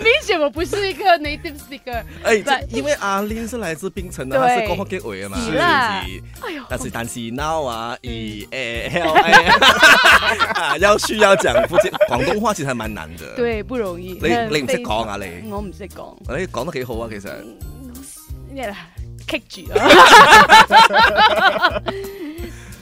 為 什麼我不是一個 native speaker、欸。But, 因為阿 Lin 是來自檳城啊，係廣州嘅話嘛，所以、哎呦，但是但是 now 啊，E、嗯、A L I， 要需要講福建廣東話其實係蠻難的，對，不容易。你非非你唔識講啊？你我唔識講。你講得幾好啊？其實，